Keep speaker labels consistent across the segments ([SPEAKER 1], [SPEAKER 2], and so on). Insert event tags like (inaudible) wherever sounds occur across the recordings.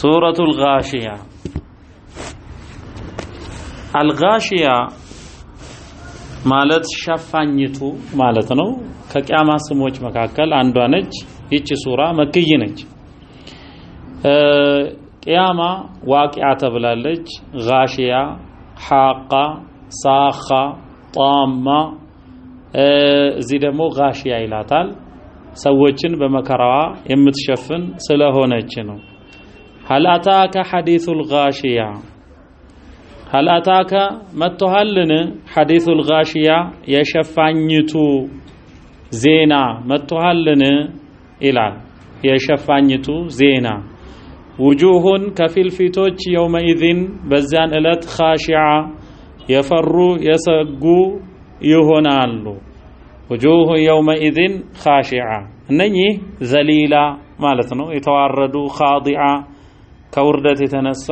[SPEAKER 1] ሱረቱል ጋሺያ አልጋሽያ ማለት ሸፋኝቱ ማለት ነው። ከቂያማ ስሞች መካከል አንዷ ነች። ይቺ ሱራ መክይ ነች። ቂያማ ዋቂያ ተብላለች። ጋሽያ፣ ሓቃ፣ ሳኻ፣ ጣማ እዚህ ደግሞ ጋሽያ ይላታል። ሰዎችን በመከራዋ የምትሸፍን ስለሆነች ነው። هل أتاك حديث الغاشية هل أتاك تهلن حديث الغاشية يشفعنيت زينة تهلن إلى يشفعنيت زينة وجوه كفيل فتوች يومئذ بزان ዕለት خاشعة يفروا يسقوا ይሆናሉ وجوه يومئذ خاشعة نني زليلة مالتنو يتواردو خاضعة ከውርደት የተነሳ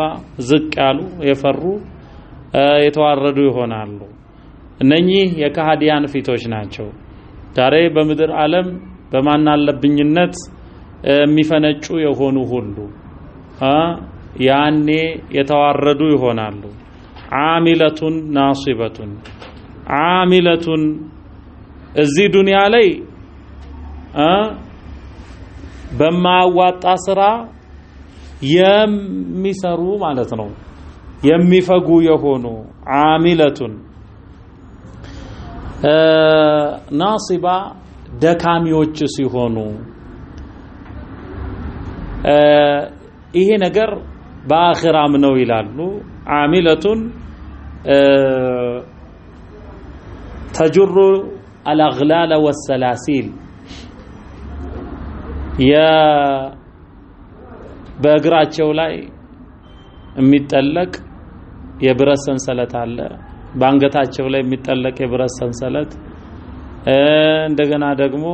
[SPEAKER 1] ዝቅ ያሉ የፈሩ የተዋረዱ ይሆናሉ። እነኚህ የካሃዲያን ፊቶች ናቸው። ዛሬ በምድር ዓለም በማናለብኝነት የሚፈነጩ የሆኑ ሁሉ ያኔ የተዋረዱ ይሆናሉ። አሚለቱን ናሲበቱን አሚለቱን እዚህ ዱንያ ላይ በማያዋጣ ስራ የሚሰሩ ማለት ነው። የሚፈጉ የሆኑ አሚለቱን ናሲባ ደካሚዎች ሲሆኑ ይሄ ነገር በአኺራም ነው ይላሉ። አሚለቱን ተጅሩ አልአግላለ ወሰላሲል በእግራቸው ላይ የሚጠለቅ የብረት ሰንሰለት አለ። በአንገታቸው ላይ የሚጠለቅ የብረት ሰንሰለት እንደገና ደግሞ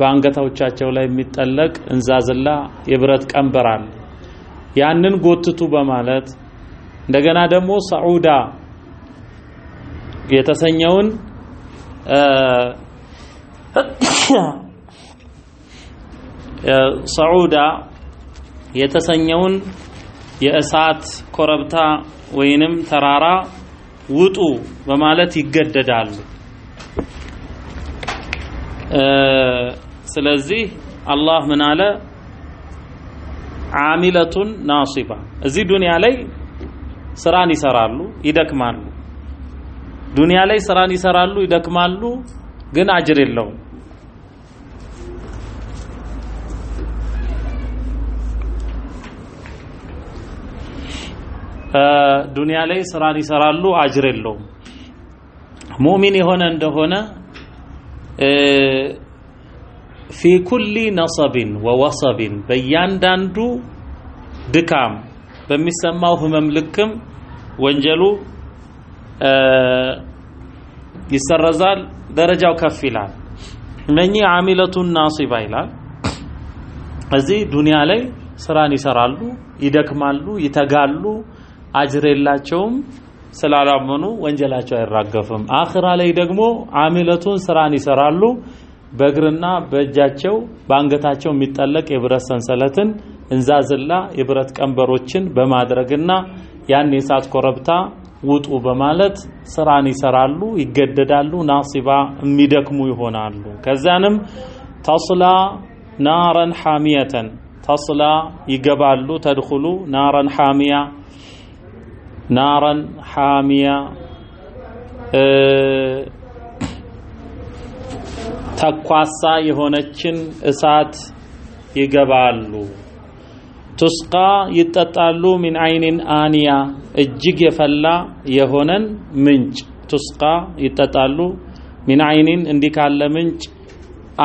[SPEAKER 1] በአንገታዎቻቸው ላይ የሚጠለቅ እንዛዝላ የብረት ቀንበር አለ። ያንን ጎትቱ በማለት እንደገና ደግሞ ሰዑዳ የተሰኘውን ሰዑዳ የተሰኘውን የእሳት ኮረብታ ወይንም ተራራ ውጡ በማለት ይገደዳሉ። ስለዚህ አላህ ምን አለ? አሚለቱን ናሲባ እዚህ ዱንያ ላይ ስራን ይሰራሉ፣ ይደክማሉ። ዱንያ ላይ ስራን ይሰራሉ፣ ይደክማሉ፣ ግን አጅር የለውም። ዱንያ ላይ ስራን ይሰራሉ፣ አጅር የለውም። ሙእሚን የሆነ እንደሆነ ፊ ኩሊ ነሰቢን ወወሰቢን በእያንዳንዱ ድካም በሚሰማው ህመም ልክም ወንጀሉ ይሰረዛል፣ ደረጃው ከፍ ይላል። እነኚህ አሚለቱን ናሲባ ይላል። እዚህ ዱንያ ላይ ስራን ይሰራሉ፣ ይደክማሉ፣ ይተጋሉ አጅር የላቸውም። ስላላመኑ ወንጀላቸው አይራገፍም። አኽራ ላይ ደግሞ አሚለቱን ስራን ይሰራሉ። በእግርና በእጃቸው በአንገታቸው የሚጠለቅ የብረት ሰንሰለትን እንዛዝላ የብረት ቀንበሮችን በማድረግና ያን የእሳት ኮረብታ ውጡ በማለት ስራን ይሰራሉ፣ ይገደዳሉ። ናሲባ የሚደክሙ ይሆናሉ። ከዚያንም ተስላ ናረን ሐሚየተን ተስላ ይገባሉ። ተድኹሉ ናረን ሐሚያ ናረን ሓሚያ ተኳሳ የሆነችን እሳት ይገባሉ። ቱስቃ ይጠጣሉ። ሚን አይኒን አንያ እጅግ የፈላ የሆነን ምንጭ ቱስቃ ይጠጣሉ። ሚን አይኒን እንዲህ ካለ ምንጭ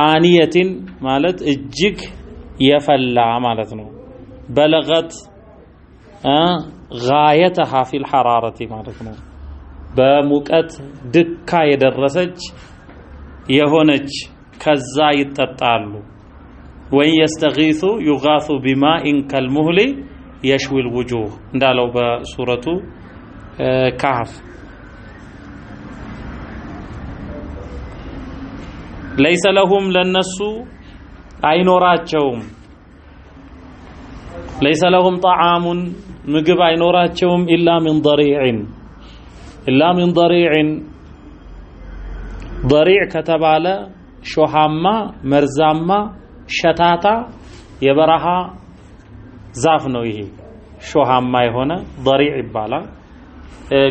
[SPEAKER 1] አንየትን ማለት እጅግ የፈላ ማለት ነው። በለገት غايتها في الحرارة مالكنا بمكت دكا يدرسج يهونج كزاي تطالو وين يستغيثو يغاثو بماء كالمهل يشوي الوجوه دالو بسورة آه، كهف ليس لهم لنسو أي نوراتهم ليس لهم طعام ምግብ አይኖራቸውም ኢላ ሚን ضሪዕን ኢላ ሚን ضሪዕን ደሪዕ ከተባለ ሾሃማ መርዛማ ሸታታ የበረሃ ዛፍ ነው ይሄ ሾሃማ የሆነ ضሪዕ ይባላል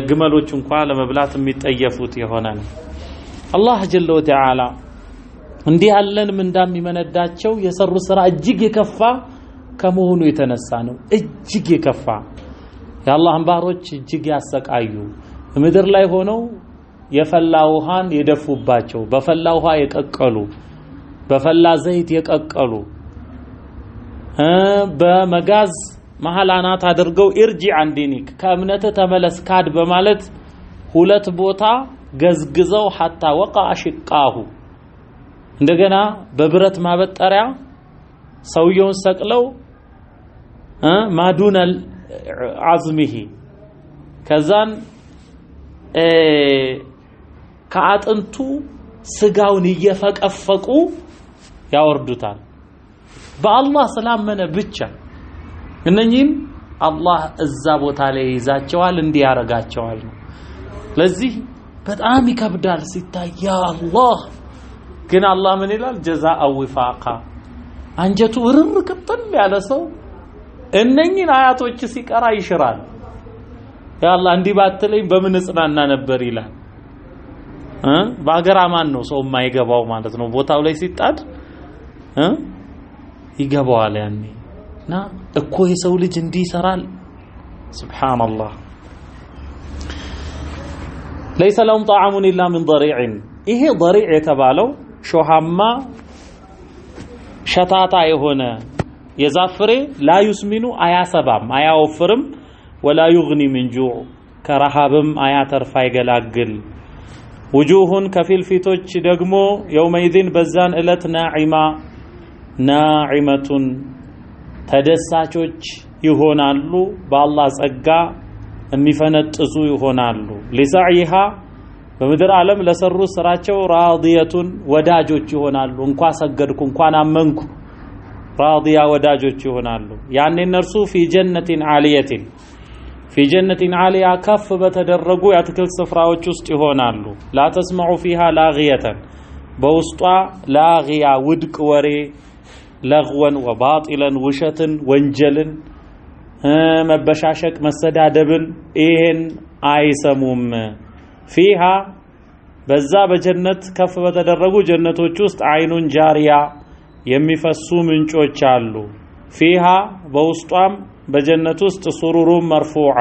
[SPEAKER 1] ግመሎች እንኳ ለመብላት የሚጠየፉት የሆነ ነው አላህ ጀለ ወተዓላ እንዲህ ያለን ምንዳ የሚመነዳቸው የሰሩ ስራ እጅግ የከፋ ከመሆኑ የተነሳ ነው። እጅግ የከፋ የአላህን ባሮች እጅግ ያሰቃዩ ምድር ላይ ሆነው የፈላ ውሃን የደፉባቸው፣ በፈላ ውሃ የቀቀሉ፣ በፈላ ዘይት የቀቀሉ፣ በመጋዝ መሀል አናት አድርገው ኢርጂ አንዲኒክ ከእምነት ተመለስ ካድ በማለት ሁለት ቦታ ገዝግዘው ሐታ ወቃ አሽቃሁ እንደገና በብረት ማበጠሪያ ሰውየውን ሰቅለው ማዱነል አዝሚሂ ከዛን ከአጥንቱ ስጋውን እየፈቀፈቁ ያወርዱታል። በአላህ ስላመነ ብቻ እነኚህም አላህ እዛ ቦታ ላይ ይዛቸዋል፣ እንዲህ ያደርጋቸዋል ነው። ለዚህ በጣም ይከብዳል ሲታይ ያ አላህ። ግን አላህ ምን ይላል? ጀዛ ዊፋቃ አንጀቱ እርር ቅጥል ያለ ሰው እነኚህን አያቶች ሲቀራ ይሽራል። ያላ እንዲህ ባትለኝ በምን እጽናና ነበር ይላል። በሀገር አማን ነው ሰው የማይገባው ማለት ነው። ቦታው ላይ ሲጣድ ይገባዋል። ያኔ እና እኮ የሰው ልጅ እንዲህ ይሰራል። ሱብሃንአላህ ለይሰ ለሁም ጣዓሙን ኢላ ሚን ضሪዕን። ይሄ ضሪዕ የተባለው ሾሃማ ሸታታ የሆነ የዛፍ ፍሬ ላዩስሚኑ አያሰባም አያወፍርም፣ ወላ ዩግኒ ሚን ጁዕ ከረሃብም አያተርፍ አይገላግል። ውጁሁን ከፊል ፊቶች ደግሞ የውመይዚን በዛን ዕለት ናዒማ ናዒመቱን ተደሳቾች ይሆናሉ፣ በአላህ ጸጋ የሚፈነጥዙ ይሆናሉ። ሊሰዕይሃ በምድር ዓለም ለሰሩ ስራቸው ራዲየቱን ወዳጆች ይሆናሉ። እንኳ ሰገድኩ እንኳን አመንኩ ራዲያ ወዳጆች ይሆናሉ። ያኔ እነርሱ ፊ ጀነቲን ዓሊየቲን ፊ ጀነቲን ዓሊያ ከፍ በተደረጉ የአትክልት ስፍራዎች ውስጥ ይሆናሉ። ላተስመዑ ፊሃ ላግየተን በውስጧ ላግያ ውድቅ ወሬ ለግወን ወባጢለን ውሸትን፣ ወንጀልን፣ መበሻሸቅ፣ መሰዳደብን ይሄን አይሰሙም። ፊሃ በዛ በጀነት ከፍ በተደረጉ ጀነቶች ውስጥ አይኑን ጃሪያ የሚፈሱ ምንጮች አሉ። ፊሃ በውስጧም በጀነት ውስጥ ሱሩሩ መርፉዓ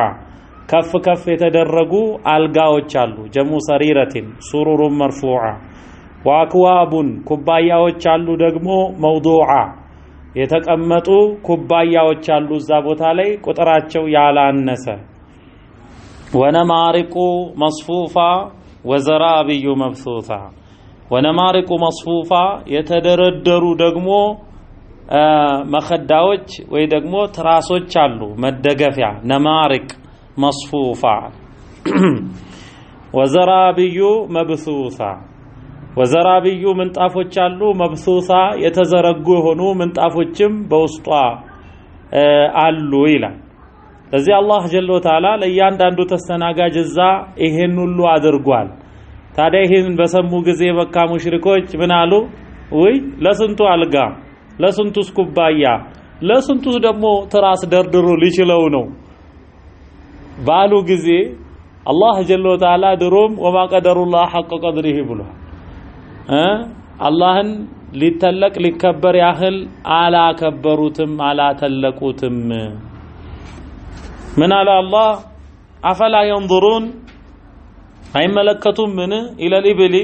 [SPEAKER 1] ከፍ ከፍ የተደረጉ አልጋዎች አሉ። ጀሙ ሰሪረቲን ሱሩሩ መርፉዓ ዋክዋቡን ኩባያዎች አሉ። ደግሞ መውዱዓ የተቀመጡ ኩባያዎች አሉ እዛ ቦታ ላይ ቁጥራቸው ያላነሰ ወነማሪቁ መስፉፋ ወዘራብዩ መብሱታ ወነማሪቁ መስፉፋ የተደረደሩ ደግሞ መከዳዎች ወይ ደግሞ ትራሶች አሉ መደገፊያ ነማሪቅ መስፉፋ (clears throat) ወዘራብዩ መብሱሳ ወዘራብዩ ምንጣፎች አሉ መብሱሳ የተዘረጉ የሆኑ ምንጣፎችም በውስጧ አሉ ይላል ለዚህ አላህ ጀለ ወተዓላ ለእያንዳንዱ ተስተናጋጅ እዛ ይሄን ሁሉ አድርጓል ታዲያ ይህን በሰሙ ጊዜ መካ ሙሽሪኮች ምን አሉ? ውይ ለስንቱ አልጋ፣ ለስንቱስ ኩባያ፣ ለስንቱስ ደግሞ ትራስ ደርድሮ ሊችለው ነው ባሉ ጊዜ አላህ ጀለ ወተዓላ ድሮም ወማ ቀደሩላህ ሐቀ ቀድሪሂ ብሏል። አላህን ሊተለቅ ሊከበር ያህል አላከበሩትም፣ አላተለቁትም። ምን አለ አላህ አፈላ የንظሩን አይመለከቱም ምን ኢለል ኢብሊ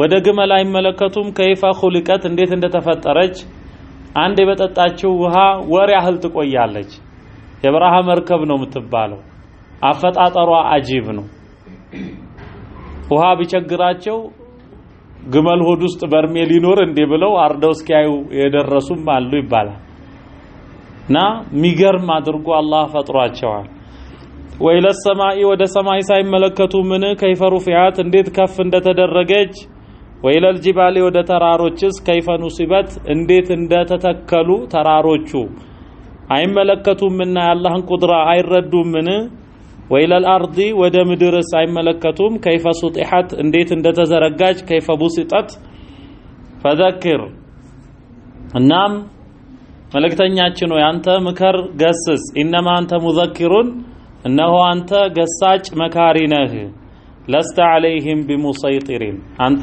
[SPEAKER 1] ወደ ግመል አይመለከቱም ከይፋ ሁልቀት እንዴት እንደተፈጠረች አንድ የበጠጣችው ውሃ ወር ያህል ትቆያለች። የበረሃ መርከብ ነው የምትባለው። አፈጣጠሯ አጂብ ነው። ውሃ ቢቸግራቸው ግመል ሆድ ውስጥ በርሜ ሊኖር እንዴ ብለው አርደው እስኪያዩ የደረሱም አሉ ይባላል። እና ሚገርም አድርጎ አላህ ፈጥሯቸዋል። ወይለ ሰማኢ ወደ ሰማይ ሳይመለከቱ ምን ከይፈ ሩፊዓት እንዴት ከፍ እንደተደረገች ወይለል ጅባሌ ወደ ተራሮችስ ከይፈ ኑሲበት እንዴት እንደተተከሉ ተራሮቹ አይመለከቱምና የአላህን ቁድራ አይረዱምን? ወይለል አርዲ ወደ ምድርስ አይመለከቱም ከይፈ ሱጢሐት እንዴት እንደተዘረጋች ከይፈ ቡሲጠት ፈዘክር እናም መልእክተኛችን ወይ አንተ ምከር ገስስ ኢነማ አንተ ሙዘኪሩን እነሆ አንተ ገሳጭ መካሪ ነህ። ለስተ ዐለይሂም ቢሙሰይጢሪን አንተ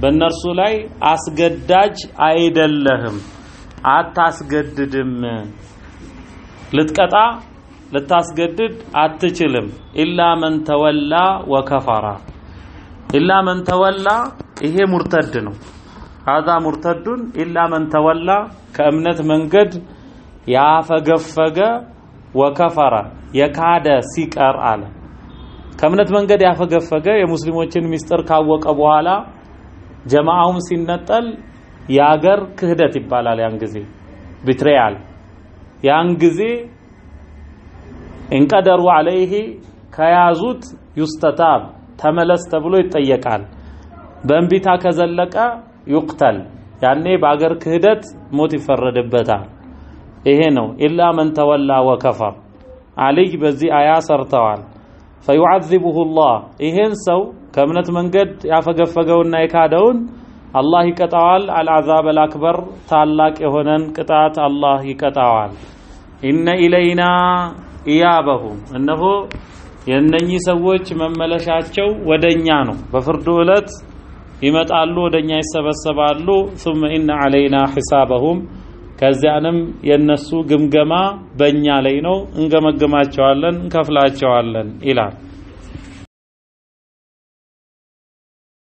[SPEAKER 1] በእነርሱ ላይ አስገዳጅ አይደለህም፣ አታስገድድም። ልትቀጣ ልታስገድድ አትችልም። ኢላ መን ተወላ ወከፈራ ኢላ መን ተወላ ይሄ ሙርተድ ነው። ሀዛ ሙርተዱን ኢላ መን ተወላ ከእምነት መንገድ ያፈገፈገ ወከፈረ የካደ ሲቀር አለ ከእምነት መንገድ ያፈገፈገ የሙስሊሞችን ሚስጥር ካወቀ በኋላ ጀማዓውም ሲነጠል የአገር ክህደት ይባላል። ያን ጊዜ ቢትሬያል። ያን ጊዜ እንቀደሩ አለይህ ከያዙት ዩስተታብ ተመለስ ተብሎ ይጠየቃል። በእንቢታ ከዘለቀ ዩቅተል። ያኔ በአገር ክህደት ሞት ይፈረድበታል። ይሄ ነው። ኢላ መን ተወላ ወከፈር አልይ በዚህ አያ ሰርተዋል። ፈዩዓዚቡሁ ይሄን ሰው ከእምነት መንገድ ያፈገፈገውና የካደውን አላህ ይቀጣዋል። አልዓዛብ አልአክበር ታላቅ የሆነን ቅጣት አላህ ይቀጣዋል። ኢነ ኢለይና ኢያበሁም እነሆ የእነኚህ ሰዎች መመለሻቸው ወደኛ ነው። በፍርዱ ዕለት ይመጣሉ፣ ወደኛ ይሰበሰባሉ። ሱመ ኢነ ዓለይና ሒሳበሁም ከዚያንም የነሱ ግምገማ በእኛ ላይ ነው፣ እንገመግማቸዋለን፣ እንከፍላቸዋለን ይላል።